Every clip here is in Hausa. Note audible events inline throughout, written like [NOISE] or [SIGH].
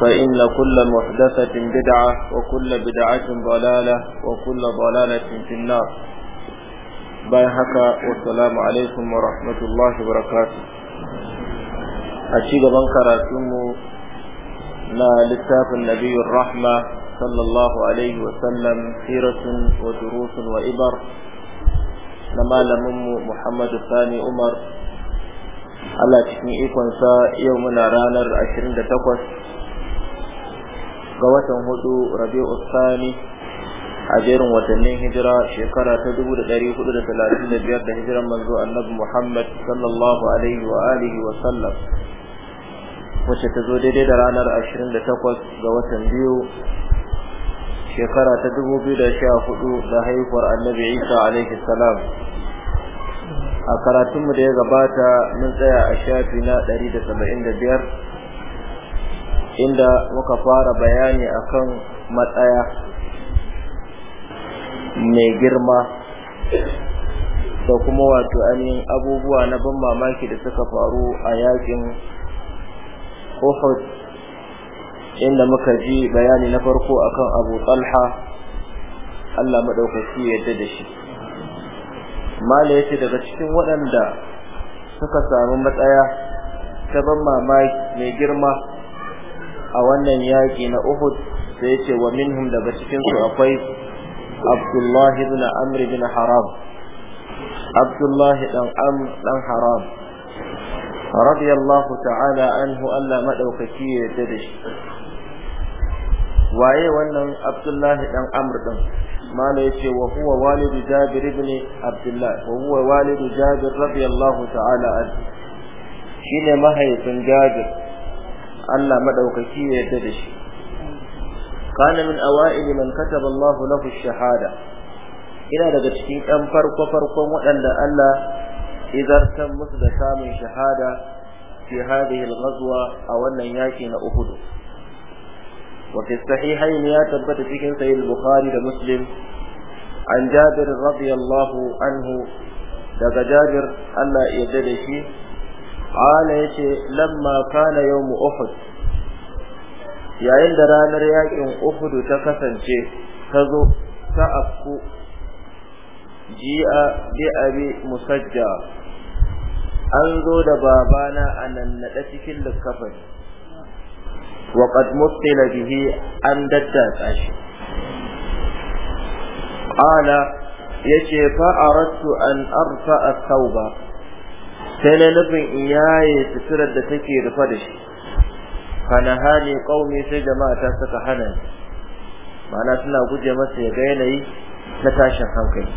فإن كل محدثة بدعة وكل بدعة ضلالة وكل ضلالة في النار باي حكا والسلام عليكم ورحمة الله وبركاته أشيد بنكراتم لا لتاف النبي الرحمة صلى الله عليه وسلم سيرة ودروس وإبر لما لمم محمد الثاني عمر Allah cikin ikonsa yau muna ranar 28 ga watan hudu rabi'u tsani a jerin watannin hijira shekara ta 1435 da hijiran manzo annabi Muhammad sallallahu alaihi wa alihi wa sallam wacce ta zo daidai da ranar 28 ga watan biyu shekara ta 2014 da haihuwar annabi Isa alaihi salam a karatunmu da ya gabata mun tsaya a shafi na 175 inda muka fara bayani akan matsaya mai girma da kuma wato ainihin abubuwa na ban mamaki da suka faru a yakin Uhud inda muka ji bayani na farko akan Abu Talha Allah madaukaki yadda da shi mala daga cikin waɗanda suka samu matsaya ta ban mamaki mai girma a wannan yaƙi na Uhud sai ya ce wa minhum daga cikin su akwai Abdullah ibn Amr ibn Haram Abdullah dan Amr dan Haram radiyallahu ta'ala anhu Allah madaukaki ya yarda da shi waye wannan Abdullah dan Amr din mala yace wa huwa walidu Jabir ibn Abdullah wa huwa walidu Jabir radiyallahu ta'ala anhu shine mahaifin Jabir Allah madaukaki ya yarda da shi kana min awaili man kataba Allah lahu shahada ina daga cikin ɗan farko farkon waɗanda Allah izartan musu da samun shahada fi hadhihi al-ghazwa a wannan yaki na Uhud wa fi sahihayn ya tabbata cikin sahih al-Bukhari da Muslim an Jabir radiyallahu anhu daga Jabir Allah ya yarda da shi ya ce lamma kana mu uhud yayin da ranar yakin Uhudu ta kasance ta zo ta afku ji'a bi abi musajja an zo da babana a nan naɗa cikin likafani wa qad na bihi an daddata shi Ala ya fa "Fa'arattu an arfa athawba sai na nufin in yaye suturar da take rufe da shi kana hali kaumi sai jama'a ta saka hana ma'ana suna guje masa ya ga yanayi na tashin hankali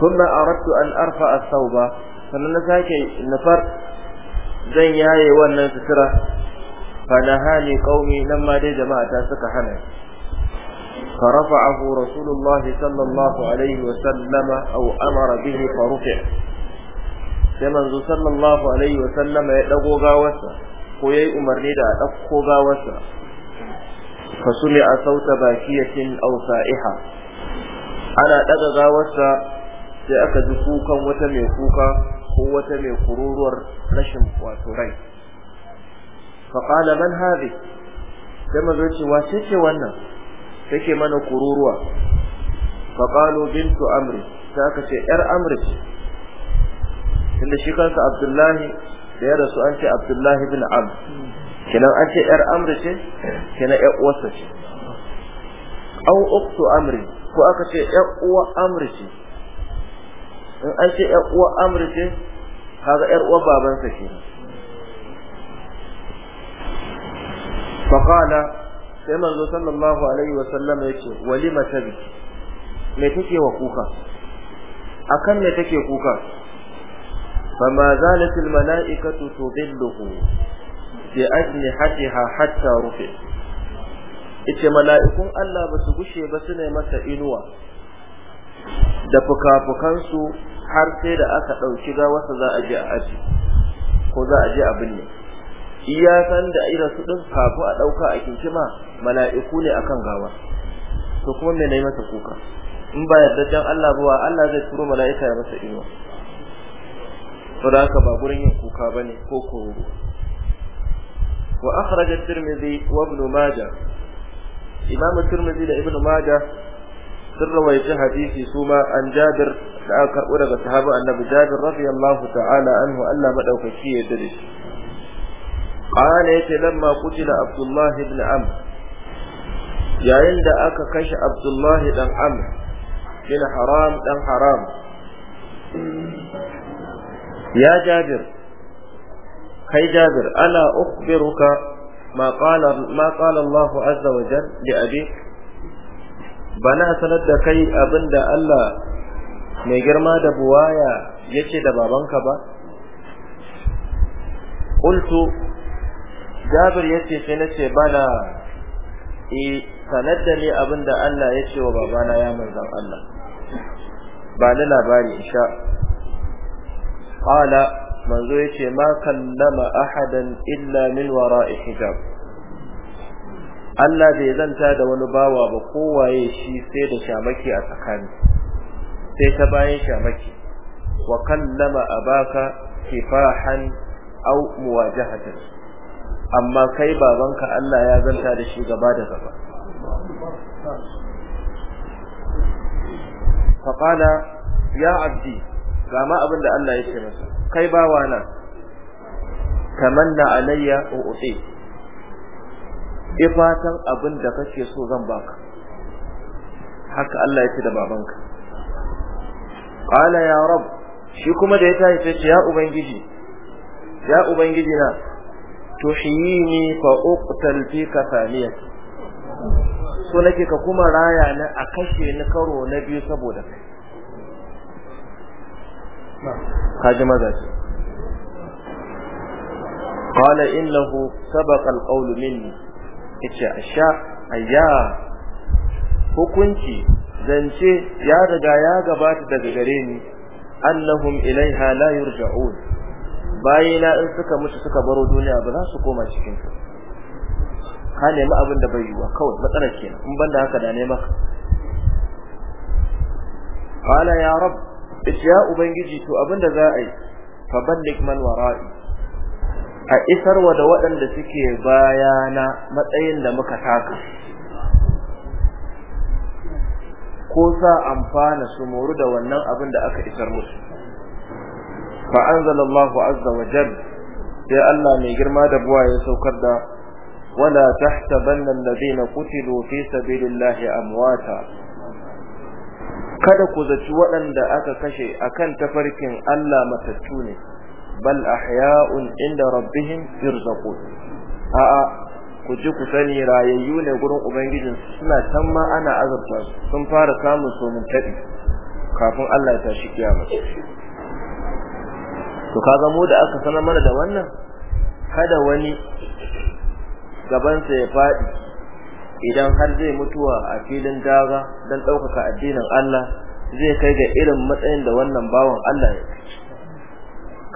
kuma aradtu an arfa as-sauba sannan na sake nufar zan yaye wannan sutura kana hali kaumi nan ma dai jama'a ta saka hana فرفعه رسول الله صلى الله عليه وسلم أو أمر به فرفع sai manzo sallallahu alaihi wa sallama ya dago gawarsa ko yayi umarni da a dauko gawarsa fa a sauta bakiyatin aw sa'iha ana daga gawarsa sai aka ji kukan wata mai kuka ko wata mai kururuwar rashin wato rai fa qala man hadhi sai manzo ce wace ce wannan take mana kururuwa fa qalu bintu amri sai aka ce yar amri tunda shi kansa abdullahi da ya rasu an ce abdullahi bin am kenan an ce yar amri ce kenan yar uwarsa ce au uktu amri ko aka ce yar uwa amri ce in an ce yar uwa amri ce kaga yar uwa babansa ke faqala sai manzo sallallahu alaihi wa sallam yace walima tabi me take wa kuka akan me take kuka فما زالت الملائكة تظله بأجنحتها حتى رفع ita mala'ikun Allah ba su gushe ba su ne masa inuwa da fuka-fukansu har sai da aka ɗauki gawarsa za a je a aji ko za a je a binne iya san da irin su ɗin kafin a ɗauka a kinkima mala'iku ne akan gawa to kuma me na yi masa kuka in ba yarda dan Allah ba Allah zai turo mala'ika ya masa inuwa to da haka ba gurin yin kuka bane ko kororo wa akhraj at-tirmidhi wa ibn majah imam at-tirmidhi da ibn majah sun rawaita hadisi suma an jabir da aka karbo daga sahaba annabi jabir radiyallahu ta'ala anhu Allah madaukaki ya dade shi qala yace lamma qutila abdullah ibn amr yayin da aka kashe abdullah dan amr bin haram dan haram ya jabir kai jabir ana ukhbiruka ma qala ma qala azza wa jalla li abi bana sanar da kai abinda Allah mai girma da buwaya yace da babanka ba qultu jabir yace sai nace bala e sanar da ni abinda Allah yace wa babana ya manzon Allah ba ni labari insha qala manzo yace ma kallama ahadan illa min wara'i hijab Allah bai zanta da wani bawa ba kowaye shi sai da shamaki a tsakani sai ta bayan shamaki wa kallama abaka kifahan aw muwajahatan amma kai babanka Allah ya zanta da shi gaba da gaba faqala ya abdi ga ma abin da Allah ya ce masa kai bawa na tamanna alayya u'ti ifatan abin da kake so zan baka haka Allah ya ce da babanka qala ya rab shi kuma da ya tashi ya ubangiji ya ubangiji na To tuhyini fa uqtal fi kafaniyati so nake ka kuma raya na a kashe ni karo na biyu saboda kai kaji mazaje qala innahu sabaqa alqawlu a sha a ayya hukunci zance ya daga ya gabata daga gare ni annahum ilai la yurja'un bayina in suka mutu suka baro duniya ba za su koma cikin ta ka nemi abin da bai yiwuwa kawai matsalar kenan in banda haka da nema ka. qala ya rabu. ya ubangiji to abinda za a yi fa ballik man wara'i a isar wa da waɗanda suke bayana matsayin da muka taka ko sa amfana su moru da wannan abin da aka isar musu fa anzalallahu azza wa jalla sai Allah mai girma da buwa ya saukar da wala tahtabanna alladhina qutilu fi sabilillahi amwata kada ku zaci waɗanda aka kashe akan tafarkin Allah matattu ne bal ahya'un inda rabbihim yurzaqun a'a ku ji ku sani rayayyu ne gurin ubangijin suna can ma ana azurta sun fara samun somin taɗi kafin Allah ya tashi kiyama to kaga mu da aka sanar mana da wannan kada wani gabansa ya faɗi idan har zai mutuwa a filin daga don ɗaukaka addinin Allah zai kai ga irin matsayin da wannan bawan Allah ya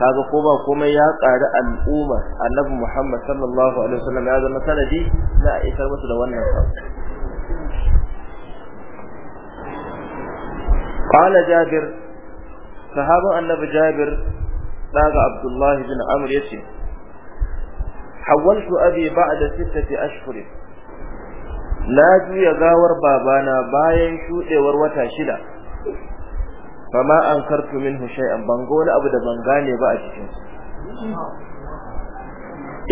kaga ko ba komai ya ƙari al'umma annabi Muhammad sallallahu alaihi wasallam ya zama sanadi na a isar musu da wannan sako قال جابر صحابة النبي جابر daga Abdullah bin Amr yace حولت أبي بعد ستة أشهر na juya gawar babana bayan shuɗewar wata shida fama an kartu minhu shay'an bango wani abu da ban gane ba a cikin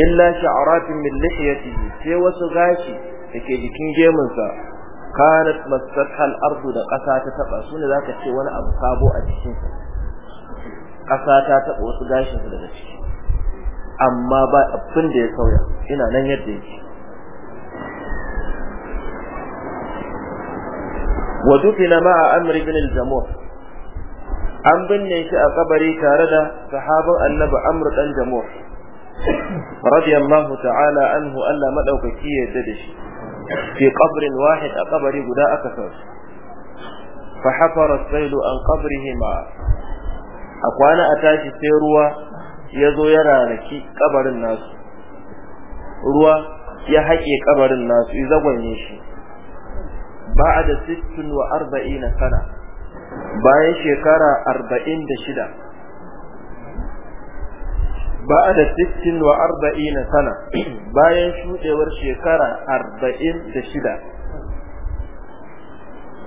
illa sha'aratin min lihiyatihi sai wasu gashi dake jikin gemunsa kanat masakhal ardu da ƙasa ta taba sune zaka ce wani abu sabo a cikin sa ƙasa ta taba wasu gashin daga ciki amma ba abin da ya sauya ina nan yadda yake wa dufina ma'a amr ibn al an binne shi a kabari tare da sahabin annabi amr dan jamuh radiyallahu ta'ala anhu Allah madaukaki ya da shi fi qabrin wahid a kabari guda aka sauke fa hafara as an qabrihima a kwana a tashi sai ruwa ya zo ya kabarin nasu ruwa ya haƙe kabarin nasu ya zagwanye shi ba'da 46 sana bayan shekara 46 ba'da 46 [CLEARS THROAT] bayan shudewar shekara 46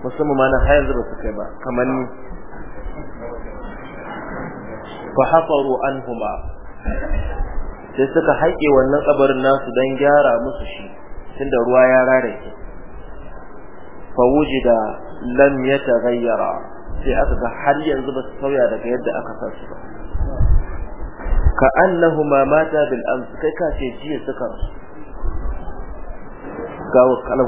musamman ma na hayar da ba kai ba kamar ni fa hafaru anhuma sai suka haƙe wannan kabarin nasu don gyara musu shi tunda ruwa ya rarake fa wujida lam yataghayyara sai aka ga har yanzu ba su sauya daga yadda aka san ba ka annahuma mata bil ams kai ka ce jiya suka ga kalau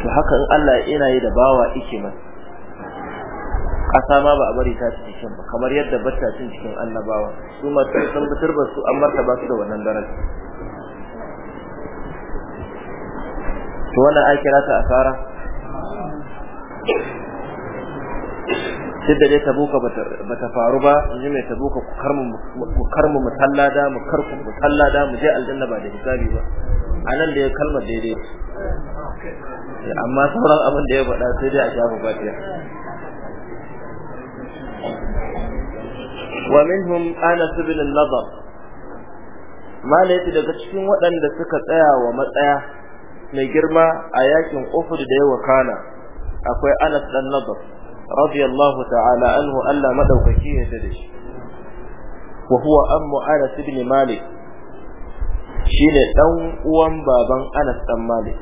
to haka in Allah yana yi da bawa yake mai kasa ma ba a bari ta ci cikin kamar yadda bata cin cikin annabawa su ma sun tabbatar ba su an martaba su da wannan daraja to wannan an kira ta asara duk da dai tabuka bata faru ba in ji mai tabuka ku karmu mu tallada mu karku mu tallada mu je aljanna ba da hisabi ba a nan da ya kalma daidai amma sauran abin da ya faɗa sai dai a shafa fatiya wa minhum anas ibn an-nadhr malai daga cikin waɗanda suka tsaya wa matsaya mai girma a yakin Uhud da ya wakana akwai Anas dan Nadr radiyallahu ta'ala anhu Allah madaukaki ya da shi wa huwa ammu Anas ibn Malik shine dan uwan baban Anas dan Malik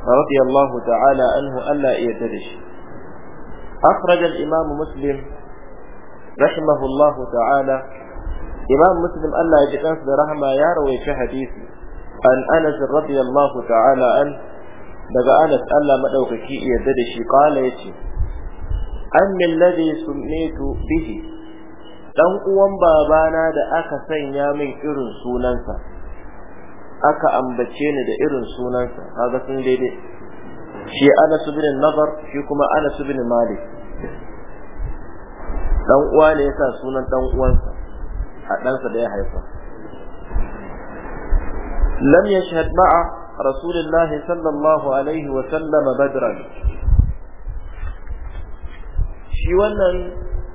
radiyallahu ta'ala anhu Allah ya da shi أخرج الإمام مسلم رحمه الله تعالى إمام مسلم الله يجتنس برحمة يروي في حديثه an anas radiyallahu ta'ala an daga anas Allah madaukaki yadda da shi kala yace min ladhi sunnitu bihi dan uwan babana da aka sanya min irin sunansa aka ambace ni da irin sunansa kaga sun daidai shi Anas bin Nadar shi kuma Anas bin Malik dan uwa ne yasa sunan dan uwansa a ɗansa da ya haifa يشهد مع رسول الله صلى alaihi wa sallama badran shi wannan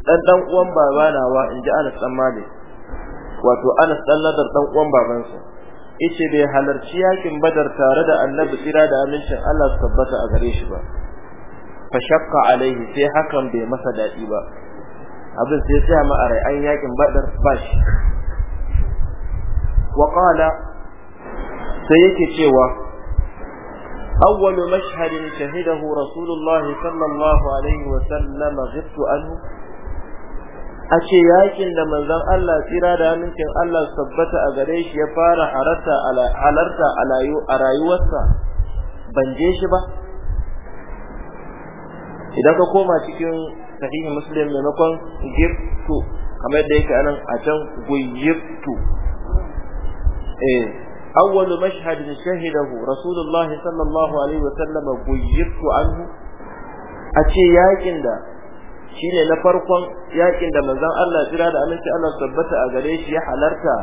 dan dan uwan babana wa inji Anas dan Malik wato Anas dan ladar dan uwan babansa yace bai halarci yakin Badar tare da Annabi tsira da amincin Allah tabbata a gare shi ba fa shakka alaihi sai hakan bai masa dadi ba abin sai ya ma a rai an yakin Badar ba shi wa qala sai yake cewa أول مشهد shahidahu رسول الله alaihi wa عليه وسلم غبت عنه ashe yakin da manzon Allah tsira da Amincin Allah sabbata a gare shi ya fara halarta a rayuwarsa ban je shi ba idan ka koma cikin sahihi muslim maimakon giftu kamar yadda yake anan a can guyibtu eh أول مشهد شهده رسول الله صلى الله عليه وسلم غيبت عنه أتي ياكن دا shine na farkon yaƙin da manzon Allah jira da aminci Allah tabbata a gare shi ya halarta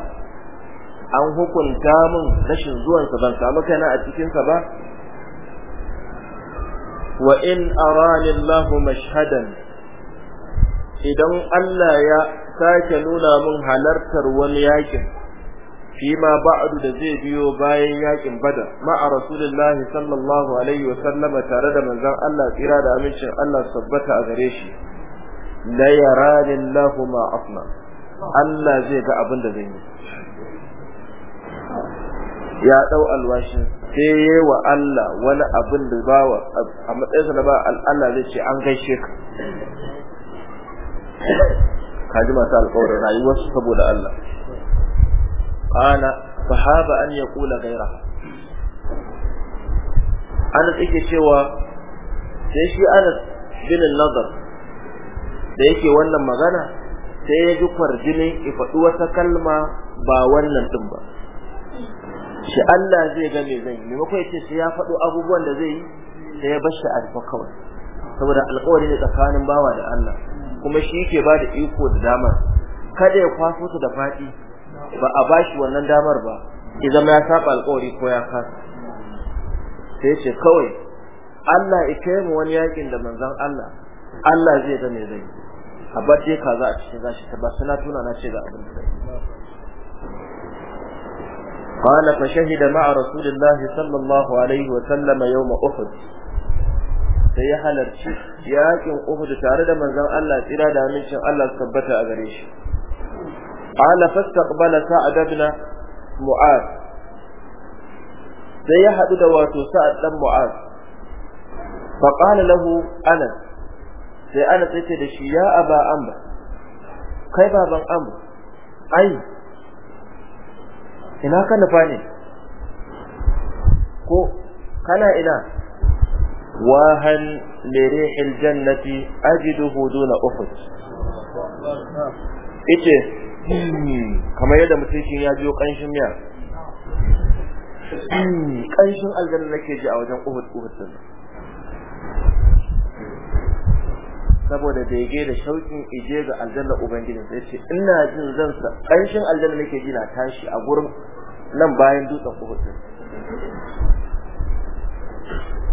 an hukunta mun rashin zuwansa sa ban samu kaina a cikinsa ba wa in arani Allah mashhadan idan Allah ya sake nuna min halartar wani yaƙin. Fima بعد da zai biyo bayan yakin badar ma'a rasulullahi sallallahu alaihi wa sallama tare da manzon Allah tsira da amincin Allah tabbata a gare shi la yaranillahu ma afna Allah zai ga abin da zai yi ya dau alwashin sai wa Allah wani abin da ba a matsayinsa na ba Allah zai ce an gaishe ka kaji masu alƙawarin rayuwarsu saboda Allah qala sahaba an yaqula ghayra Anas take cewa sai shi Anas bin nazar da yake wannan magana sai ya ji kwarjini ya faɗi wata kalma ba wannan din ba shi Allah zai ga me zai yi maimakon yace sai ya faɗo abubuwan da zai yi sai ya bashi alfa kawai saboda alƙawari ne tsakanin bawa da Allah kuma shi yake ba da iko da damar kada ya kwaso su da faɗi ba a bashi wannan damar ba ya zama ya saba alƙawari ko ya kasa sai ce kawai Allah ya kai mu wani yakin da manzon Allah Allah zai ga me zai a bace kaza a cikin gashi ta ba sana tuna na ce ga abin da قال فشهد مع رسول الله صلى الله عليه وسلم يوم أحد sai ya halarci yakin Uhud tare da manzon Allah tsira da amincin Allah tabbata a gare shi qala fastaqbala sa'ad ibn mu'az sai ya haɗu da wato sa'ad ɗan mu'az Ba qala lahu anas sai anas yace da shi ya aba amr kai baban amr ai ina ka nufa ne ko kana ina wahan lirihil jannati ajiduhu duna uhud ice kamar yadda mutum shi ya biyo kanshin miya kanshin aljanna nake ji a wajen uhud uhud din saboda bege da shauƙin ije ga aljanna ubangijin sai ce ina jin zan sa kanshin aljanna nake ji na tashi a gurin nan bayan dutsen uhud din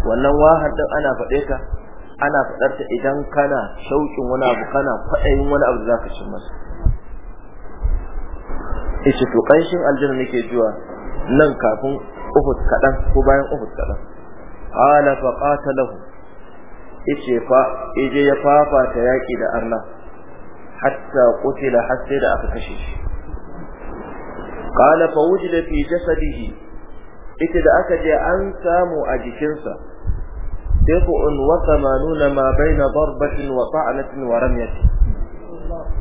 wannan wahar din ana faɗe ka, ana faɗar ta idan kana shauƙin wani abu kana kwaɗayin wani abu da zaka cin masa yace to kanshin aljanna nake jiwa nan kafin uhud kadan ko bayan uhud kadan ala fa qatalahu yace fa ije ya ta yaki da Allah hatta qutila hatta da aka kashe shi qala fa wujida fi jasadihi ita da aka je an samu a jikinsa bid'un wa tamanuna ma baina darbatin wa ta'natin wa ramyatin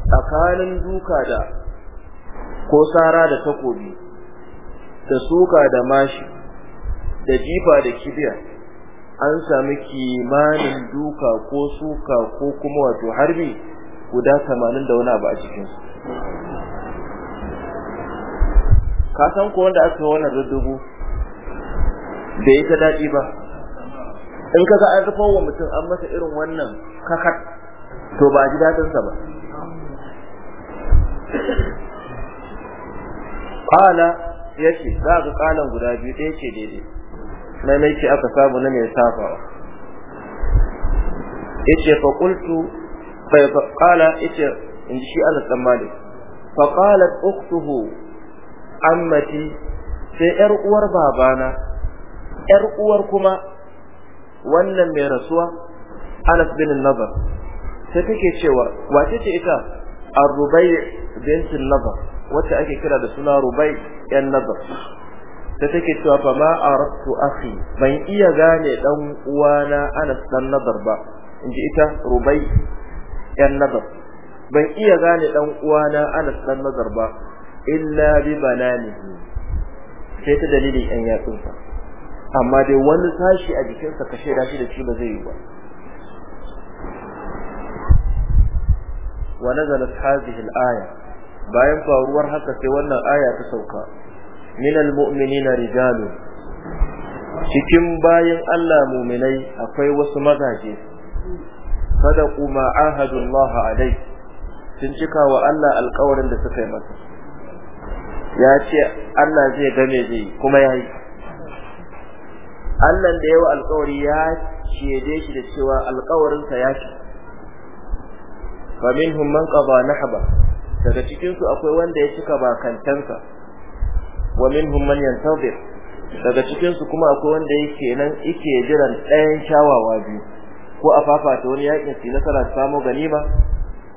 Tsakanin duka da ko sara da takobi da suka da mashi da jifa da kibiya an sami kimanin duka ko suka ko kuma wato harbi guda 80 da wani abu a cikinsu ka san ko wanda aka wannan da ya ta daɗi ba in ka ga an rufa wa mutum an masa irin wannan kakat to ba ji daɗinsa ba kala yace za ga qalan guda biyu ɗaya ce daidai na mai ce aka samu na mai safawa yace fa kultu fa in ji shi fa uktuhu ammati sai yar uwar babana yar uwar kuma wannan mai rasuwa Anas bin nazar sai take cewa wace ce ita arubai rubai nazar wacce ake kira da suna rubai yan nazar ta take cewa fa ma arabtu akhi ban iya gane dan uwana Anas dan nazar ba inji ita rubai yan nazar ban iya gane dan uwana Anas dan nazar ba illa bi bananihi sai ta dalilin yan yatsunsa amma dai wani sashi a jikinsa kashe da shi da shi ba zai yi ba ونزلت هذه الآية bayan faruwar haka sai wannan aya ta sauka minal mu'minina rijalun cikin bayan Allah mu'minai akwai wasu mazaje ku ma ahadullah alai sun cika wa Allah alƙawarin da suka yi masa ya ce Allah zai game zai kuma yayi Allah da yawa alƙawari ya shede shi da cewa alƙawarinsa ya shi fa minhum man qada nahba daga cikin su akwai wanda ya cika bakantansa wa minhum man yantazir daga cikin su kuma akwai wanda yake nan yake jiran ɗayan shawawa biyu ko a fafata wani yakin shi nasara ta samu ganima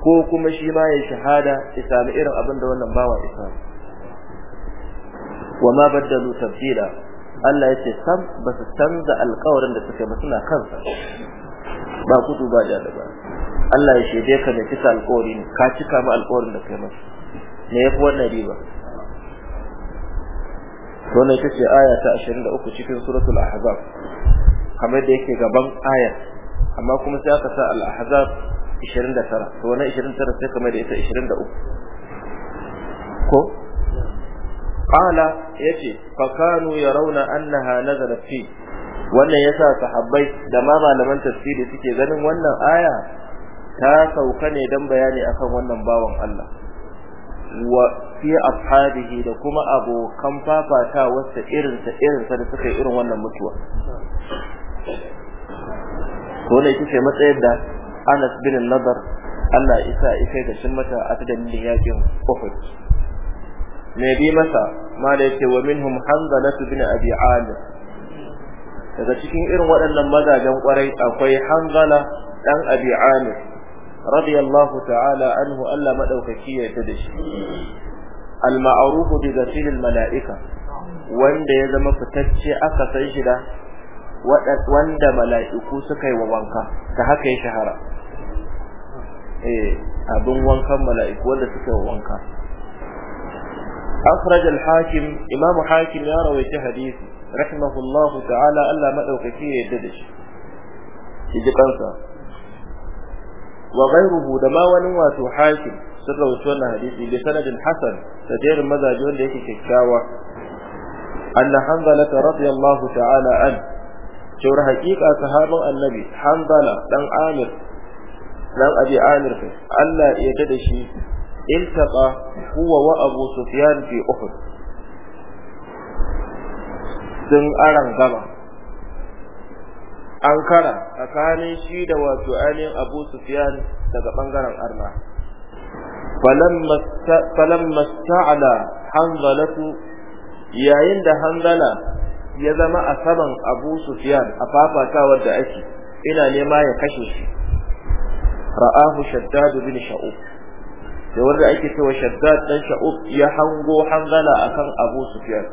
ko kuma shi ma ya shahada ya sami irin abin da wannan bawa isa wa ma baddalu tabdila Allah yace sam basu canza alƙawarin da suka ba suna kansa ba kudu ba da ba Allah ya shaide ka da cika alƙawarin ka cika ba alƙawarin da kai masa me yafi wannan riba wannan ita ce aya ta 23 cikin suratul ahzab kamar da yake gaban aya amma kuma sai aka sa al-ahzab 29 to wannan 29 sai kamar da ita 23 ko qala yace fa kanu yarawna annaha nazalat fi wannan yasa sahabbai da ma malaman tafsiri suke ganin wannan aya ta sauka ne dan bayani akan wannan bawan Allah wa fi ashabihi da kuma abokan fafata wasu irin sa irin sa da suka yi irin wannan mutuwa ko ne kike matsayin da Anas bin Nadar Allah isa isa da shin mata a dalilin yakin Uhud ne bi masa da yake wa minhum Hanzala bin Abi Amir daga cikin irin waɗannan mazajen kwarai akwai Hanzala dan Abi Amir radiyallahu ta'ala anhu Allah madaukaki ya yarda da shi al-ma'ruf bi ghassil al-mala'ika wanda ya zama fitacce aka san shi da wanda mala'iku suka yi wa wanka ta haka ya shahara eh abin wankan mala'iku wanda suka yi wanka أخرج الحاكم إمام حاكم يا رويت حديث رحمه الله تعالى ألا مدوك فيه يددش يجي قنصر wa ghayruhu da ma wani wato hakim sun rawaito wannan hadisi bi sanadin hasan da jerin mazaji wanda yake kikkiawa anna hanzala radiyallahu ta'ala an cewar haƙiƙa sahabin annabi hanzala dan amir dan abi amir Allah ya tada shi iltaqa huwa wa abu sufyan fi uhud sun aran gaba ankara tsakanin shi da wato ainihin abu sufiyan daga bangaren arna falamma masta'ala hanzalatu yayin da hanzala ya zama a saman abu sufiyan a fafatawar da ake ina nema ya kashe shi ra'ahu shaddad bin sha'ub da wanda ake cewa shaddad dan sha'ub ya hango hanzala akan abu sufiyan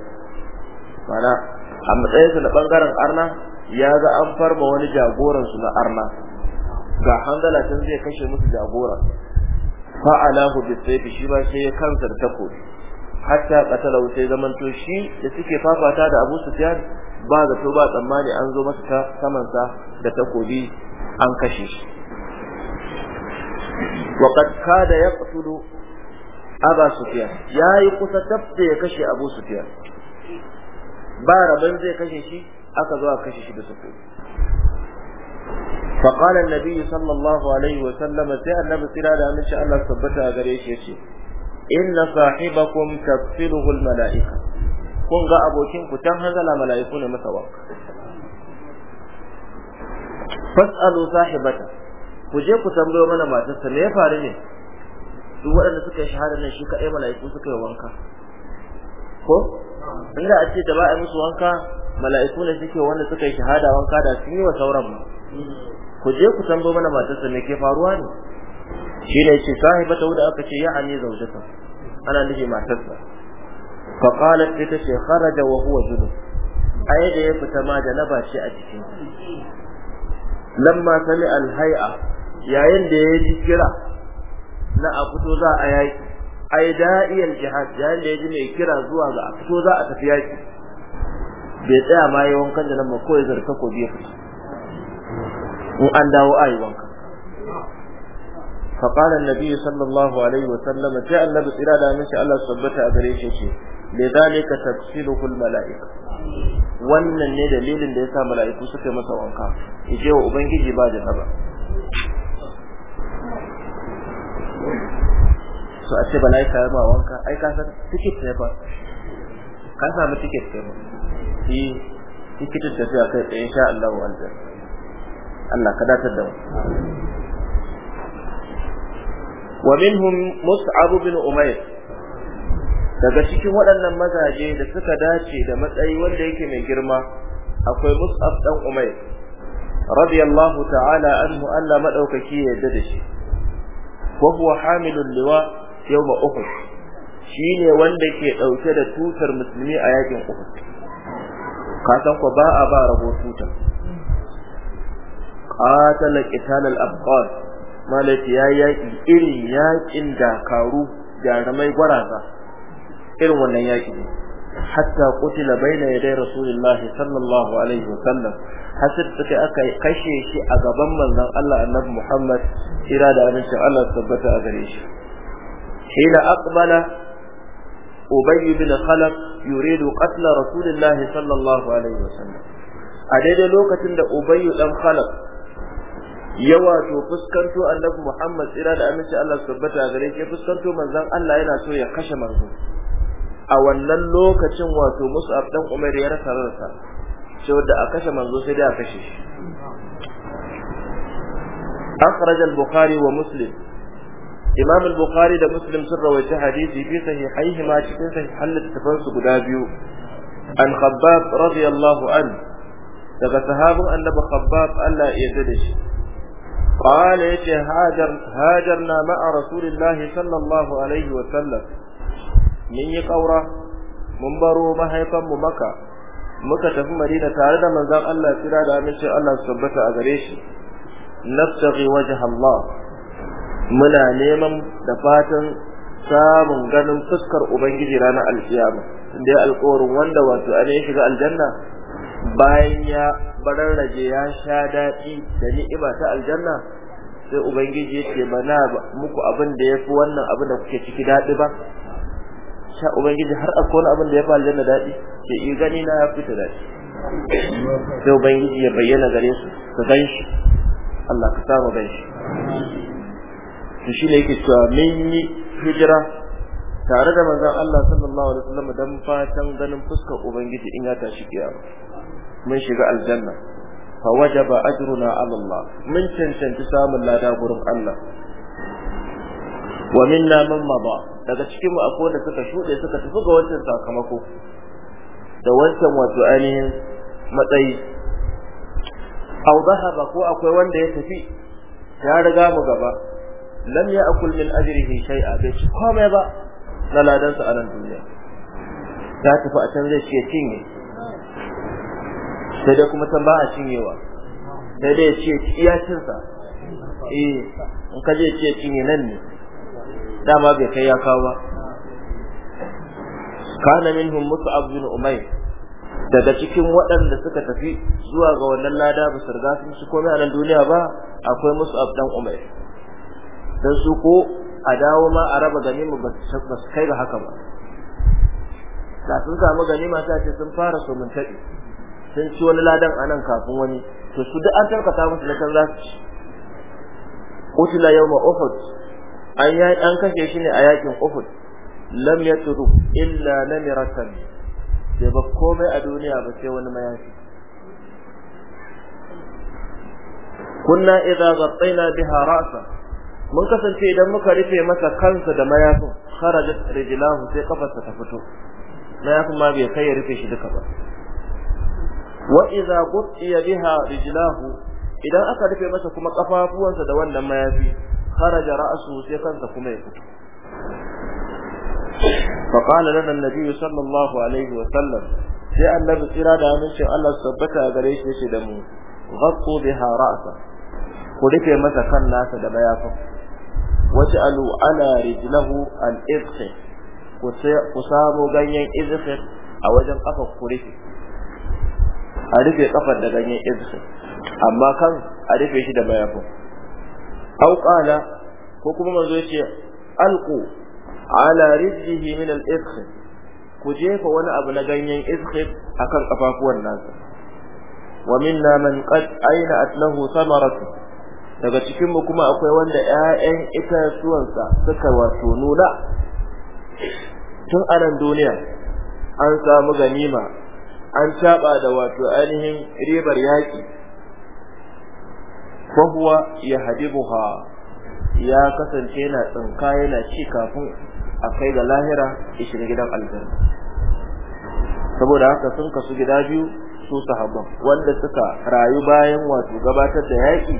mana a matsayinsa na bangaren arna ya ga an farma wani jagoran su na arna ga hanzala tun zai kashe musu jagoran fa alahu bisayfi shi ba sai ya kansa da tako hatta qatala sai zaman to shi da suke fafata da Abu Sufyan ba zato ba tsammani an zo masa ta samansa da takobi an kashe shi وقد كاد Abu Sufyan yayi kusa tafte ya kashe Abu Sufyan ba rabin zai kashe shi aka zo a kashe shi da suko فقال النبي sallallahu alaihi wa وسلم sai النبي صلى da عليه وسلم الله ثبت a gare shi yace inna sahibakum tafsiluhu al malaika kun ga abokin ku tan hanzala malaiku ne masa wanka fasalu sahibata ku je ku tambayo mana matarsa me ya faru ne duk waɗanda suka yi shahada nan shi kaɗai mala'iku suka yi wanka ko inda a ce da ba a musu wanka mala'iku ne suke wanda suka yi shahada wanka da su yi wa sauran ku je ku tambo mana matarsa me ke faruwa ne shi ne ce sahibata wuda aka ce ya ani zaujata ana nufi matarsa fa qalat sai ta ce kharaja wa huwa junub ai da ya fita ma da naba shi a cikin lamma sami hay'a yayin da ya ji kira na a fito za a yaki ai da'iyal jihad yayin da ya ji mai kira zuwa ga a fito za a tafi yaki bai tsaya ma yi wankan da nan ba ko ya zarta ko biya in an dawo a yi wanka فقال النبي صلى الله عليه وسلم جاء النبي إلى دامنش الله سبت أدريشه لذلك تغسله الملائكة wannan ne dalilin da yasa mala'iku suka masa wanka yaje wa ubangiji ba da haba so a ce mala'ika ya ma wanka ai ka san ticket ne ba ka samu ticket ne eh tikitin tafiya kai tsaye insha Allah wa aljar Allah ka datar da wa minhum mus'ab bin umayr daga cikin waɗannan mazaje da suka dace da matsayi wanda yake mai girma akwai mus'ab dan umayr radiyallahu ta'ala anhu Allah madaukaki ya yarda da shi wa huwa hamilul liwa yawma uhud shine wanda ke dauke da tutar musulmi a yakin uhud ka san ko ba a ba rago tuta qatala qital al abqar ya yaki irin yakin dakaru jarumai gwaraza irin wannan yaki ne hatta kutila baina yaday rasulullah sallallahu alaihi wasallam hasir take aka kashe shi a gaban manzon Allah annabi Muhammad kira da annabi Allah tabbata a gare shi hina aqbala ubay bin khalaf yuridu qatla rasulillahi sallallahu alaihi wasallam a daidai lokacin da ubayyu dan khalaf ya wato fuskanto annabi muhammad tsira da aminci allah su tabbata gare shi fuskanto manzon allah yana so ya kashe manzo a wannan lokacin wato mus'ab dan umar ya rasa rasa cewa da a kashe manzo sai dai a kashe shi أخرج البخاري ومسلم imam al-bukhari da muslim sun rawaita hadisi fi sahihaihima cikin sahihan littafan su guda biyu an khabbab radiyallahu an daga sahabin annabi khabbab Allah ya yarda da shi qala yace hajar hajarna ma'a rasulillahi sallallahu alaihi wa sallam min yi kaura mun baro mahaifan mu maka muka tafi madina tare da manzon Allah kira da amince Allah su tabbata a gare shi nabtaghi wajha Allah muna neman da fatan samun ganin fuskar ubangiji ranar alkiyama da ya alkawarin wanda wato an ya shiga aljanna bayan ya bararraje ya sha daɗi da ni'ima ta aljanna sai ubangiji ya ce ba na muku abin da ya fi wannan abin da kuke ciki daɗi ba sha ubangiji har akwai wani abin da ya fi aljanna daɗi Sai in gani na ya fita daɗi sai ubangiji ya bayyana gare su su gan shi Allah ka samu gan shi to ne yake cewa mun yi hijira tare da manzon Allah sallallahu alaihi wasallam dan fatan ganin fuskar ubangiji in ya tashi kiyama mun shiga aljanna fa wajaba ajruna ala Allah mun cancanci samun lada gurin Allah wa minna man mada daga cikin mu akwai da suka shude suka tafi ga wancan sakamako da wancan wato ainihin matsayi au dhahaba ko akwai wanda ya tafi ya riga mu gaba lam ya'kul min ajrihi shay'a bai ci komai ba na ladansa a nan duniya za ta fi a can zai ce cinye sai dai kuma can ba a cinyewa sai dai ce iya cinsa eh in ka je ce cinye nan ne dama bai kai ya kawo ba kana minhum mus'ab bin umayr daga cikin waɗanda suka tafi zuwa ga wannan lada ba su riga sun ci komai a nan duniya ba akwai mus'ab dan umayr don su ko a dawo ma a raba ganima ba su kai ga haka ba da sun samu ganima ta ce sun fara so mun sun ci wani ladan a nan kafin wani to su duk an tarkata musu na kan za su ci qutila yawma uhud an an kashe shi ne a yakin uhud lam turu illa namiratan bai ba komai a duniya ba sai wani mayafi kunna idza ghattayna biha ra'sa mun kasance idan muka rufe masa kansa da mayafin kharajat rijlahu sai kafarsa ta fito mayafin ma bai kai ya rufe shi duka ba wa idza qutiya biha rijlahu idan aka rufe masa kuma kafafuwansa da wannan mayafi kharaja ra'su sai kansa kuma ya fito fa qala lana an-nabi sallallahu alaihi wa sallam sai annabi tsira da amincin Allah tabbata gare shi da mu ghaqqu biha ra'sa ku rufe masa kan nasa da mayafin waj'alu ala rijlahu al-izqi ku samu ganyen izqi a wajen kafar ku rufe a rufe kafar da ganyen izqi amma kan a rufe shi da mayafin aw qala ko kuma manzo yace alqu ala rijlihi min al-izqi ku jefa wani abu na ganyen izqi akan kafafuwan nasa wa minna man qad aina atlahu thamaratu daga cikin mu kuma akwai wanda ƴaƴan itatuwansa suka wato nuna tun anan duniya an samu ganima an taba da wato ainihin ribar yaki fa huwa yahdibuha ya kasance yana tsinka yana ci kafin a kai ga lahira ishin gidan aljanna saboda haka sun kasu gida biyu su sahabban wanda suka rayu bayan wato gabatar da yaki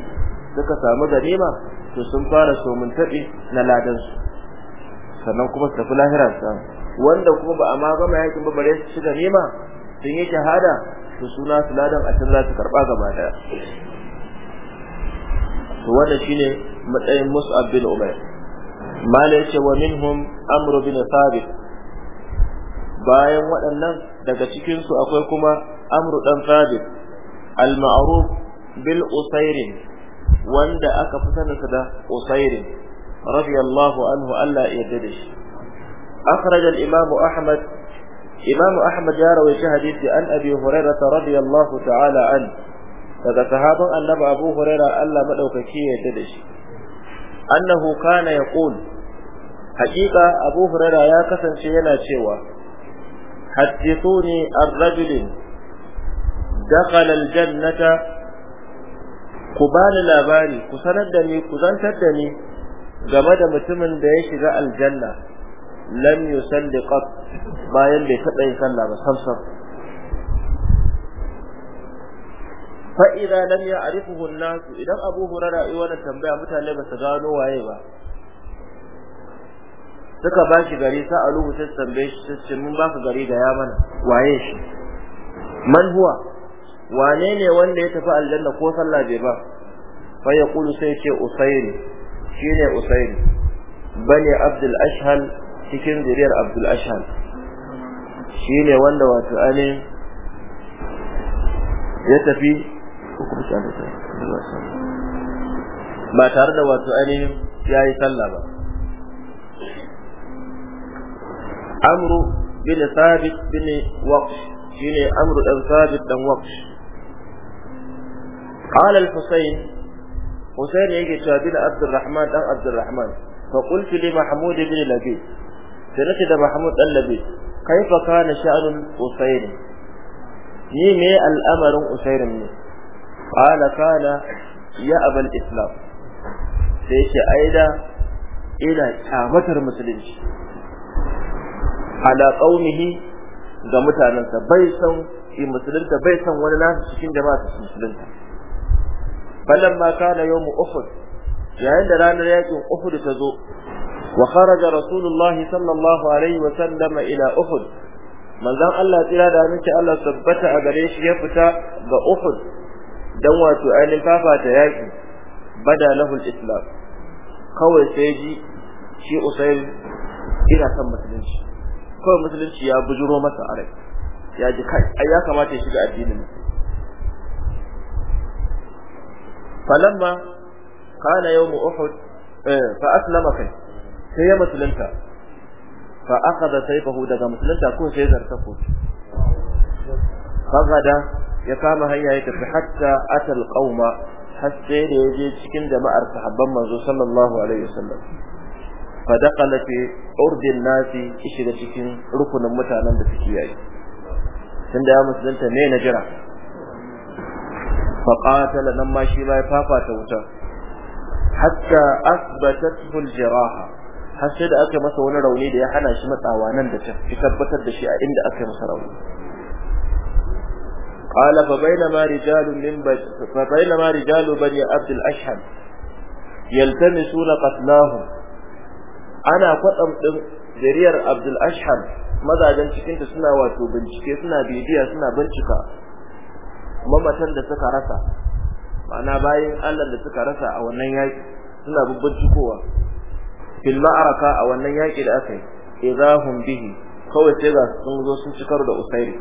suka samu ganima to sun fara somin na ladansu sannan kuma su tafi lahira su wanda kuma ba a magama gama yakin ba bare su ci ganima sun yi shahada to suna su ladan a can za su karɓa gaba daya. to wannan shine matsayin Mus'ab bin Umair mala yace wa minhum Amr bin Thabit bayan waɗannan daga cikin su akwai kuma Amr dan Thabit al-ma'ruf bil Usairin wanda aka fi saninsa da usairin radiyallahu anhu Allah ya yarda shi akhraj al ahmad imam ahmad ya rawaita hadisi an abi hurairah radiyallahu ta'ala an daga sahaban annabi abu hurairah Allah madaukaki ya yarda shi annahu kana yaqul haqiqa abu hurairah ya kasance yana cewa hadithuni ar-rajulin dakhala al-jannata ku bani labari ku sanar da ni ku zantar da ni game da mutumin da ya shiga aljanna lam yusalli qat bayan bai taɓa yin sallah ba samsam fa idan lam ya'rifuhu an-nas idan Abu Hurairah yi wannan tambaya mutane ba su gano waye ba suka ba shi gari sa aluhu sai tambaye shi sai mun ba ku gari da ya mana waye shi man huwa wane ne wanda ya tafi aljanna ko sallah bai ba fa yaqulu sai ce usayn shine usayn bani abdul ashhal cikin zuriyar abdul ashhal shine wanda wato ane ya tafi ba tare da wato ane ya yi sallah ba amru bin sabit bin waqsh shine amru dan sabit dan waqsh qala al yake cewa bin abdurrahman dan abdurrahman fa qultu li mahmud ibn labid sai nace da mahmud dan labid kaifa kana sha'nun husayn ni me al'amarin husayn ne qala kana ya abal islam sai musulunci ga mutanensa bai san musulunta bai san wani nasu cikin jama'a su musulunta falamma kana yawmu uhud yayin da ranar yakin uhud ta zo wa kharaja rasulullahi sallallahu alaihi wa sallama ila uhud manzon Allah tsira da miki Allah tabbata a gare shi ya fita ga uhud dan wato ainihin fafata yaki bada lahul islam kawai sai ji shi usayn ina kan musulunci kawai musulunci ya bujuro masa a rai ya ji kai ai ya kamata ya shiga addinin musulunci falamma kana yawm uhud fa aslama kai sai ya musulunta fa akhadha sayfahu daga musulunta ko sai zarta ko fagada ya kama hanya ya tafi hatta atal qauma har sai da ya je cikin jama'ar sahabban manzo sallallahu alaihi wasallam fa dakala fi urdin nasi shiga cikin rukunin mutanen da suke yayi tunda ya musulunta jira faqatala nan ma shi ya fafata wuta hatta asbatathu aljiraha har sai da aka masa wani rauni da ya hana shi matsawa nan da can ki tabbatar da shi a inda aka masa rauni qala fa bainama rijalun min fa bainama rijalu bani abd al-ashhad yaltamisuna qatlahum ana kwatsam din zuriyar abd al-ashhad mazajen cikinta suna wato bincike suna bibiya suna bincika mamatan da suka rasa ma'ana bayan Allah da suka rasa a wannan yaki suna cikowa fil ma'araka a wannan yaki da aka yi idahum bihi kawai sai ga sun zo sun cikar da usairi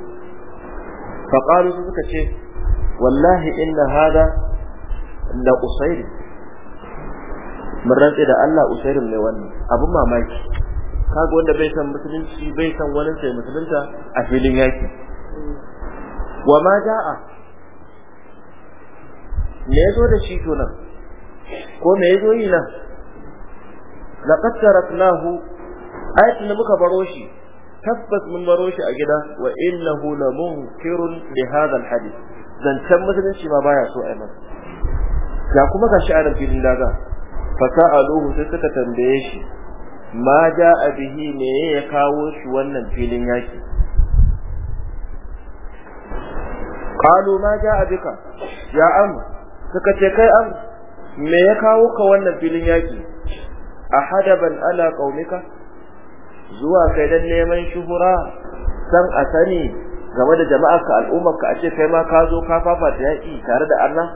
fa qalu suka ce wallahi inna hada la usairi mun rantsi da Allah usairi ne wannan abun mamaki kaga wanda bai san musulunci bai san wani sai musulunta a filin yaki wa ma da'a me yazo da shi to nan ko me yazo yi nan laqad taraknahu ayatin da muka baro shi tabbas mun baro shi a gida wa innahu lamunkirun bi hadha alhadith zancan musulunci ma baya so ai masa ya kuma gashi a filin daga sa'aluhu sai suka tambaye shi ma a bihi ne ya kawo shi wannan filin yaki قالوا ma a bika ya am suka ce kai an me ya kawo ka wannan filin yaki a hadaban ala qaumika zuwa kai dan neman shuhura san a sani game da jama'ar ka al'ummar ka a ce kai ma ka zo ka fafa da yaki tare da Allah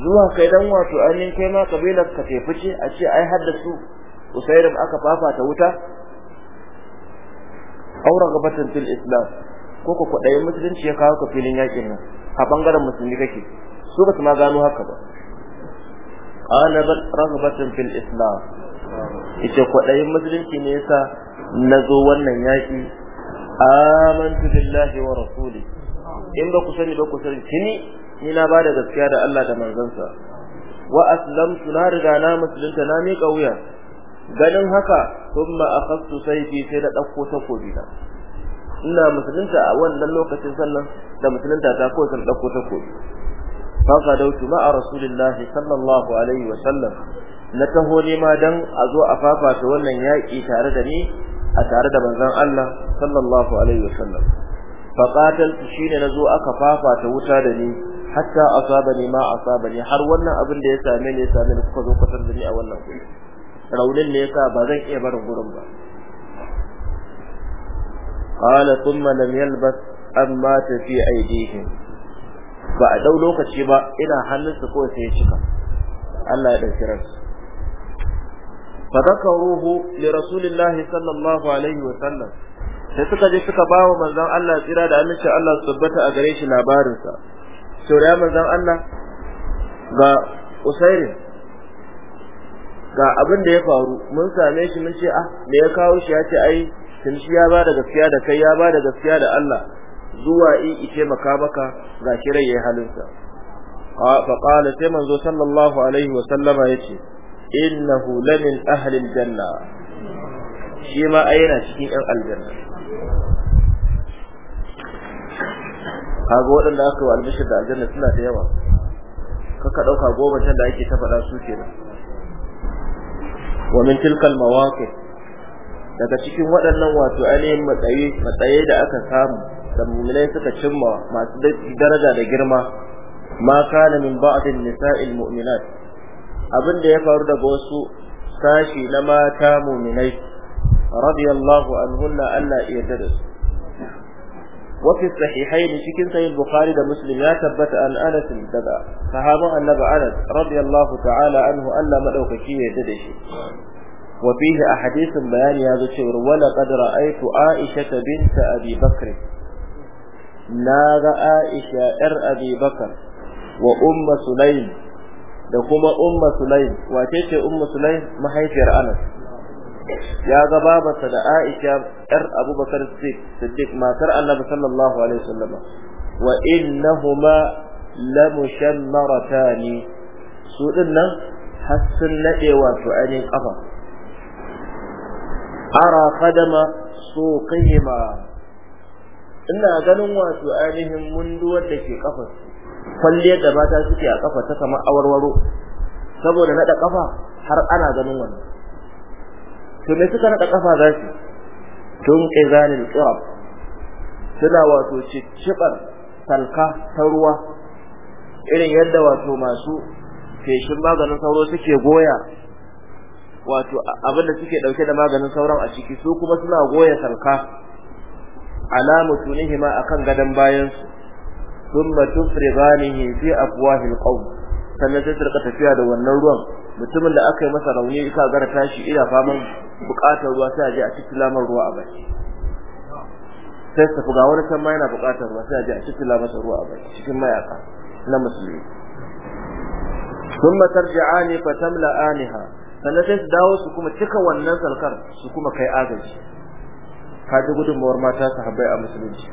zuwa kai dan wato ainihin kai ma kabilar ka tefice a ce ai haddasu usairim aka fafa ta wuta aw ragabatan fil islam ko ku kwaɗayin musulunci ya kawo ka filin yakin nan a bangaren musulmi kake su ba su ma gano haka ba qalabat raghbatan fil islam ita kwaɗayin musulunci ne yasa na zo wannan yaki. amantu billahi wa rasuli in ba ku sani ba ku sani tuni ni na bada gaskiya da Allah da manzansa wa aslamtu na riga na musulunta na miƙa wuya ganin haka thumma sai fi sai da ɗauko takobi na ina musulunta a wannan lokacin sannan da musulunta ta ko san dauko ta ko fa qadautu ma'a rasulillahi sallallahu alaihi wa sallam na taho ne ma dan a zo a fafata wannan yaki tare da ni a tare da manzon Allah sallallahu alaihi wa sallam fa qataltu shine nazo aka fafata wuta da ni hatta asabani ma asabani har wannan abin da ya same ni ya same ni kuka zo kwatar da ni a wannan raudin ne yasa ba zan iya barin gurin ba قال ثم لم يلبس an مات fi aidihim ba a ɗau lokaci ba ina hannunsa ko sai ya cika Allah ya الله ransa fadakaruhu li rasulillahi sallallahu alaihi wa sallam sai suka je suka bawa manzon Allah tsira da aminci Allah su a gare shi labarinsa. ga ga abin da ya faru mun same shi mun ce ah me ya kawo shi ya ce ai tun shi ya ba da gaskiya da kai ya ba da gaskiya da Allah zuwa in ice maka baka gashi rai yayin halinsa fa qala sai manzo sallallahu alaihi wa sallama yace innahu lamin ahli aljanna shi ma a yana cikin yan aljanna kaga waɗanda aka yi albishir da aljanna suna da yawa kaka ɗauka goma can da ake ta faɗa su kenan wa min tilkal mawaqif daga cikin waɗannan wato ainihin matsayi matsayi da aka samu da mu'minai suka cimma masu daraja da girma ma kana min ba'din nisa'il mu'minat abin da ya faru daga wasu sashi na mata mu'minai radiyallahu anhunna Allah ya yarda su wa fi sahihayn cikin sahih bukhari da muslim ya tabbata an anas daga sahaban annabi anas radiyallahu ta'ala anhu Allah madaukaki ya yarda da shi wa fihi a hadisin bayani ya zo cewa wala qad ra'aytu Aisha bint Abi Bakr na ga Aisha yar Abi wa umma Sulaim da kuma umma Sulaim wace ce umma Sulaim mahaifiyar Anas ya ga babarsa da Aisha yar Abu Bakr Siddiq matar Annabi sallallahu alaihi wasallam wa innahuma lamushammaratani su din nan har sun nade wato ainihin kafa ara kadama so kahima ina ganin wato ainihin munduwar da ke kafar kwalliyar da mata suke a kafa ta kamar awarwaro saboda naɗa kafa har ana ganin wannan to me suka naɗa kafa za su tun ƙizanin ƙirab suna wato cicciɓar salka ta ruwa irin yadda wato masu feshin maganin sauro suke goya wato abin da suke dauke da maganin sauran a ciki su kuma suna goye sarka alamu tunihima akan gadan bayan su thumma tufriganihi fi afwahil qawm sannan sai turka tafiya da wannan ruwan mutumin da aka yi masa rauni ka gara tashi ina faman bukatar ruwa sai a je a cikin lamar ruwa a baki sai ta fuga wani kan ma yana bukatar ruwa sai a je a cikin lamar ruwa a baki cikin mayaka na musulmi thumma tarji'ani tamla'aniha. sannan sai su dawo su kuma cika wannan salkar su kuma kai agaji kaji gudunmawar mata sahabbai a musulunci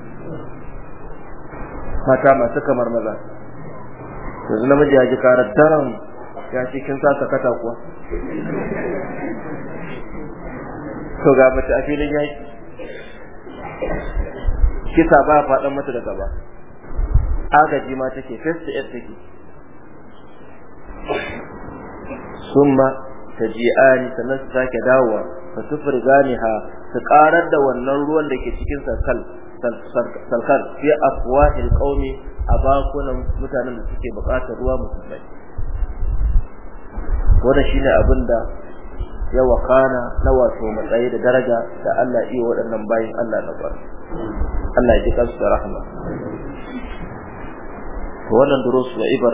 mata masu kamar maza yanzu namiji ya ji karar daren ya ce kin sa sakata kuwa to ga mace a filin ya yi. kisa ba faɗan mata da gaba agaji ma take face to face take summa taji'ani sannan su sake dawowa fa sufur ganiha su karar da wannan ruwan da ke cikin sarkal sarkal fi afwahil qaumi a bakunan mutanen da suke bukatar ruwa musulmai wannan shine abin da ya wakana na wato matsayi da daraja da Allah iya waɗannan bayin Allah na ba Allah ya ji kansu da rahama to wannan durus wa ibar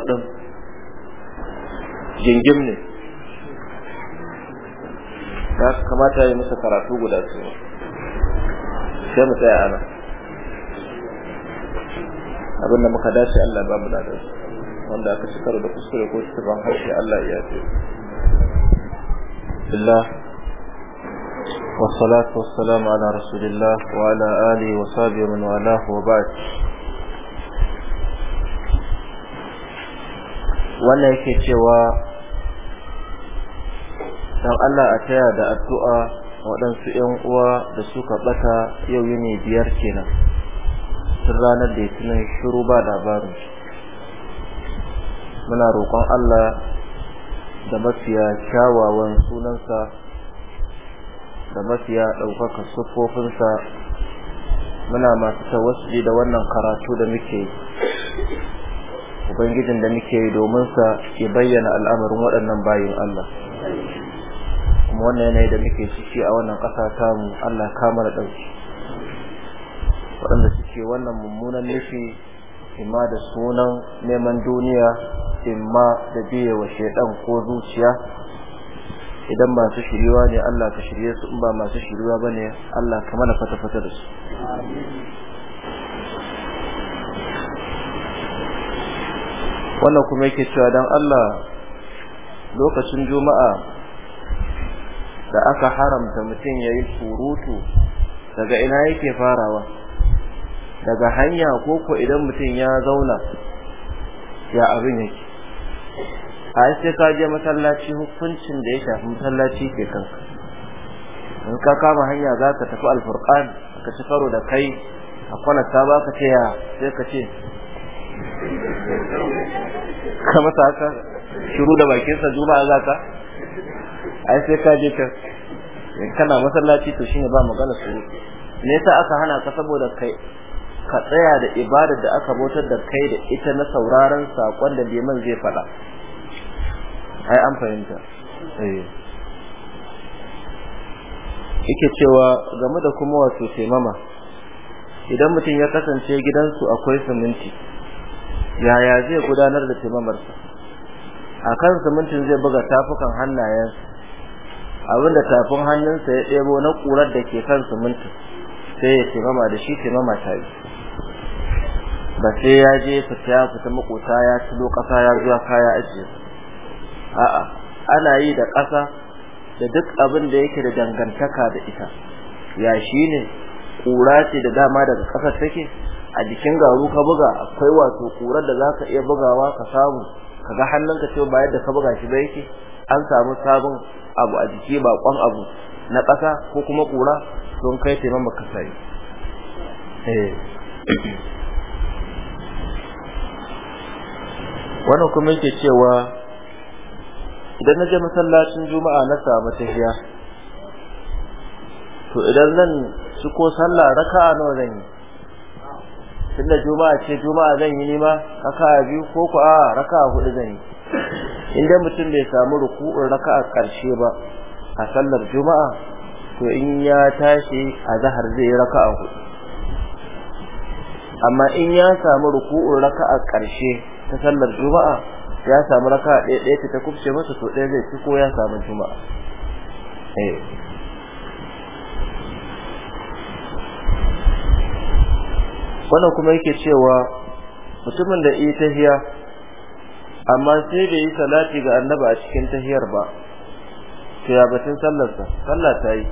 din jingim ne da haka kamata ya masa karatu guda su sai mu tsaya ana abinda muka dace Allah ba mu da wanda aka ci karo da kuskure ko ban harshe Allah ya ce billah والصلاة والسلام على رسول الله وعلى آله وصحبه من والاه وبعد wannan yake cewa dan Allah a taya da addu'a waɗansu ƴan uwa da suka ɓata, yau yini biyar kenan sun ranar da ya shiru ba labarin muna roƙon Allah da mafiya kyawawan sunansa da mafiya ɗaukaka siffofinsa muna masu tawassuli da wannan karatu da muke ubangijin da muke domin sa ke bayyana al'amarin waɗannan bayin Allah mu wannan yanayi da muke ciki a wannan ƙasa ta mu Allah ka mara ɗauki waɗanda suke wannan mummunan nufi imma da sunan neman duniya imma da biye wa shaidan ko zuciya idan masu shiriwa ne Allah ka shirye su in ba masu shiriwa ba ne Allah ka mana fata-fata da su wannan kuma yake cewa dan Allah lokacin juma'a da aka haramta mutum ya yi surutu daga ina yake farawa daga hanya ko ko idan mutum ya zauna ya abin yake a sai ka je masallaci hukuncin da ya shafi masallaci ke kanka in ka kama hanya za ka tafi alfurkan ka ci karo da kai a kwana ta ba ka ce sai ka ce ka masa haka shiru da bakinsa juma'a za ka ai sai ka je ka kana masallaci to shine ba magana su me yasa aka hana ka saboda kai ka tsaya da ibadar da aka bautar da kai da ita na sauraron sakon da liman zai faɗa ai an fahimta eh yake cewa game da kuma wato taimama idan mutum ya kasance gidansu akwai siminti yaya zai gudanar da taimamarsa kan simintin zai buga tafukan hannayensa abinda tafin hannunsa ya ɗebo na ƙurar da ke kan siminti, sai ya timama da shi timama ta yi ba sai ya je fita ya fita makota ya cilo ƙasa ya zuwa kaya ajiye a'a ana yi da ƙasa da duk abin da yake da dangantaka da ita ya shi ne ƙura ce da dama daga ƙasar take a jikin garu ka buga akwai wato ƙurar da za ka iya bugawa ka samu ka ga hannunka cewa ba yadda ka buga shi ba yake an samu sabon abu a jiki bakon abu na ƙasa ko kuma ƙura don kai taimakon baka sai eh. [CLEARS THROAT] wannan kuma yake cewa idan na je masallacin juma'a na samu tahiya to idan zan ci ko sallah raka'a nawa zan yi tunda juma'a ce juma'a zan yi nima raka'a biyu ko ko a raka'a hudu zan yi inda mutum bai samu ruku'un raka'a karshe ba a sallar juma'a to in ya tashi a zahar zai raka'a hudu amma in ya samu ruku'un raka'a karshe ta sallar juma'a ya samu raka'a ɗaya ɗaya ta kubce masa to ɗaya zai ci ko ya samu juma'a eh. wannan kuma yake cewa mutumin da ita hiya amma sai bai yi salati ga annabi a cikin tahiyar ba to ya batun sa, sallar ta yi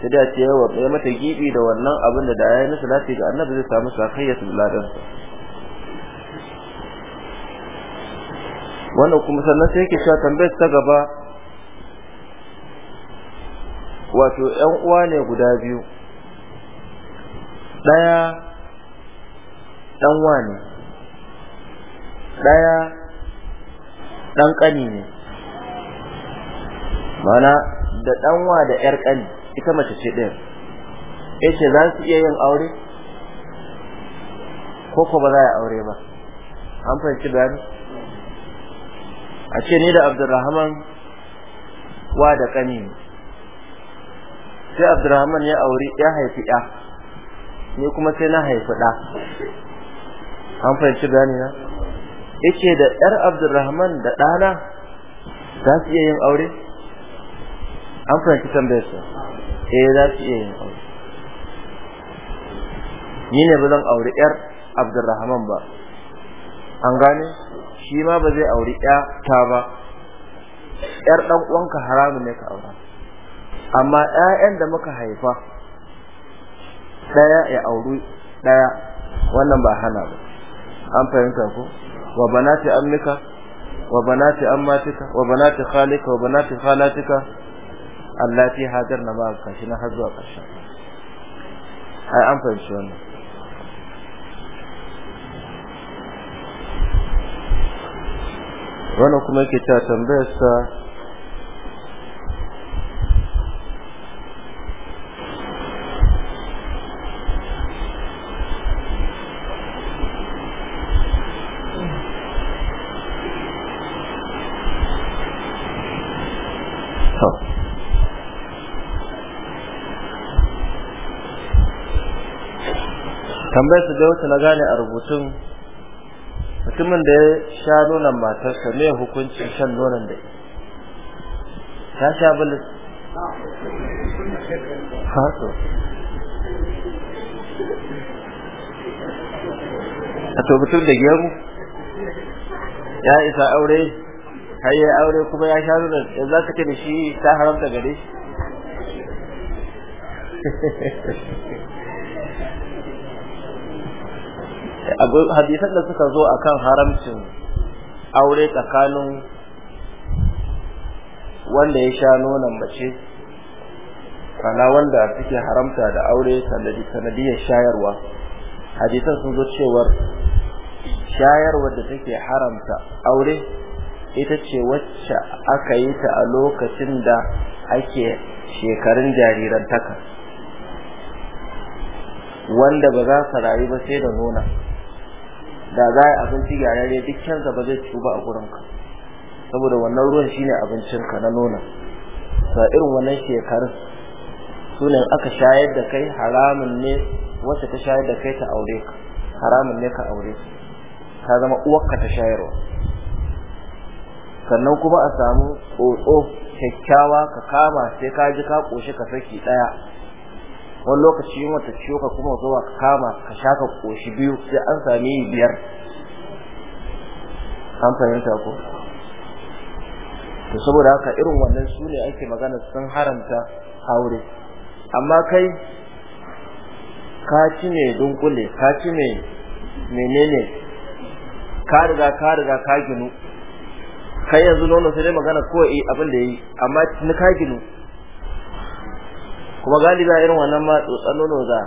sai da ce yawa bai mata gibi da wannan abin da da yayi na salati ga annabi zai samu sakayya su ladan wannan kuma sannan sai yake sha tambayar ta gaba wato ƴan uwa ne guda biyu ɗaya ɗan wa ne ɗaya dan kani ne mana da danwa da yar kani ita mace ce din yace za su iya yin aure ko ko ba za a aure ba an fahimci bayani a ce ni da abdurrahman wa da kani sai abdurrahman ya aure ya haifi ya ni kuma sai na haifi da an fahimci bayani na Yake da ɗar abdurrahman da ɗana za su iya yin aure an fahimci tambayar su eh za su iya yin aure ni ne ba zan aure yar abdurrahman ba an gane shi ma ba zai aure ya ta ba ƴar ɗan uwanka haramu ne ka aura amma ƴaƴan da muka haifa ɗaya ya auri ɗaya wannan ba hana ba an fahimta ko wa banati ammika wa banati ammatika wa banati khalika wa banati khalatika allati hajarna ma kashi na har zuwa ƙarshen ai an wannan kuma yake ta tambayar sa tambayar su da wata na gane a rubutun mutumin da ya sha nonon matarsa me hukuncin shan nonon da ta sha bilis fato a tobutun mutum da gemu ya isa aure har ya aure kuma ya sha nonon da za ka ce da shi ta haramta gare shi [LAUGHS] hadisan da suka zo a kan haramcin aure tsakanin wanda ya sha nonon mace kana wanda suke haramta da aure sanadiyar shayarwa hadisan sun zo cewar shayarwar da take haramta aure ita ce wacce aka yi ta a lokacin da ake shekarun jarirantaka wanda ba za ka rayu ba sai da nuna da za a abinci yayare duk canza ba zai tuba a gurinka saboda wannan ruwan shine ka na nona ba irin wannan shekarun sunan aka shayar da kai haramun ne wacce ta shayar da kai ta aure ka haramun ne ka aure ta zama uwarka ta shayarwa sannan kuma a samu tsotso kyakkyawa ka kama sai ka ji ka koshi ka saki daya wani lokaci yin wata ciwo ka kuma zuwa ka kama ka shaka koshi biyu sai an sami biyar an fahimta ko to saboda haka irin wannan su ne ake magana sun haramta aure amma kai ka ci ne dunkule ka ci ne menene ka riga ka riga ka ginu kai yanzu nono sai dai magana ko eh abin da yi amma ni ka ginu kuma galiba irin wannan ma tsotsan nono za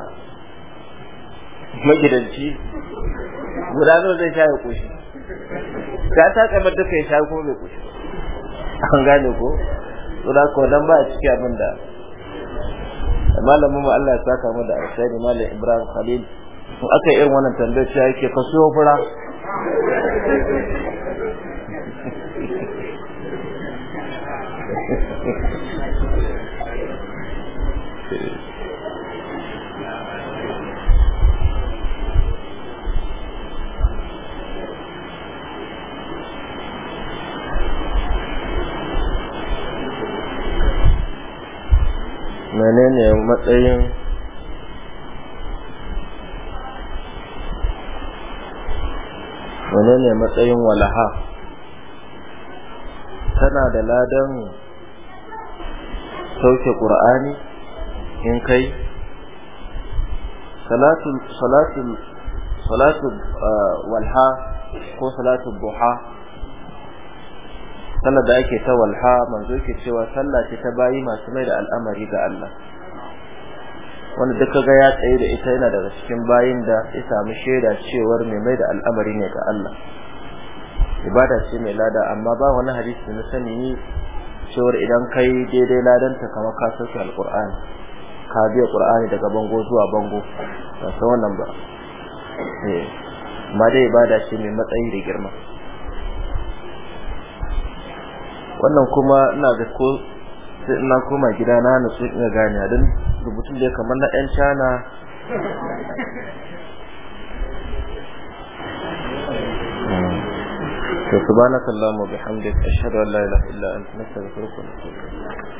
magidanci guda nono zai sha ya kushe ta ta kamar duka ya sha kuma bai koshi an gane ko tsoda ko dan ba a ciki abin da malamin Allah ya saka mu da alkhairi malam Ibrahim Khalil to aka irin wannan tambayar shi yake kaso fura menene matsayin menene matsayin walaha tana da ladan sauke qur'ani in kai salatul salatul salatul ah, walha ko salatul buha? sallar da yake ta walha manzo yake cewa sallah ce ta bayi masu mai da al'amari ga Allah wanda duk ga ya tsaye da ita yana daga cikin bayin da ya samu sheda cewar mai mai da al'amari ne ga Allah ibada ce mai lada amma ba wani hadisi na sani cewar idan kai daidai ladanta kamar ka sauke alqur'ani ka biya qur'ani daga bango zuwa bango ba san wannan ba eh ma dai ibada ce mai matsayi da girma wannan kuma ina ga ko sai ina koma gida na na sun ina gane dan rubutun da kamar na ɗan cana سبحانك اللهم وبحمدك أشهد أن لا إله إلا أنت نستغفرك ونتوب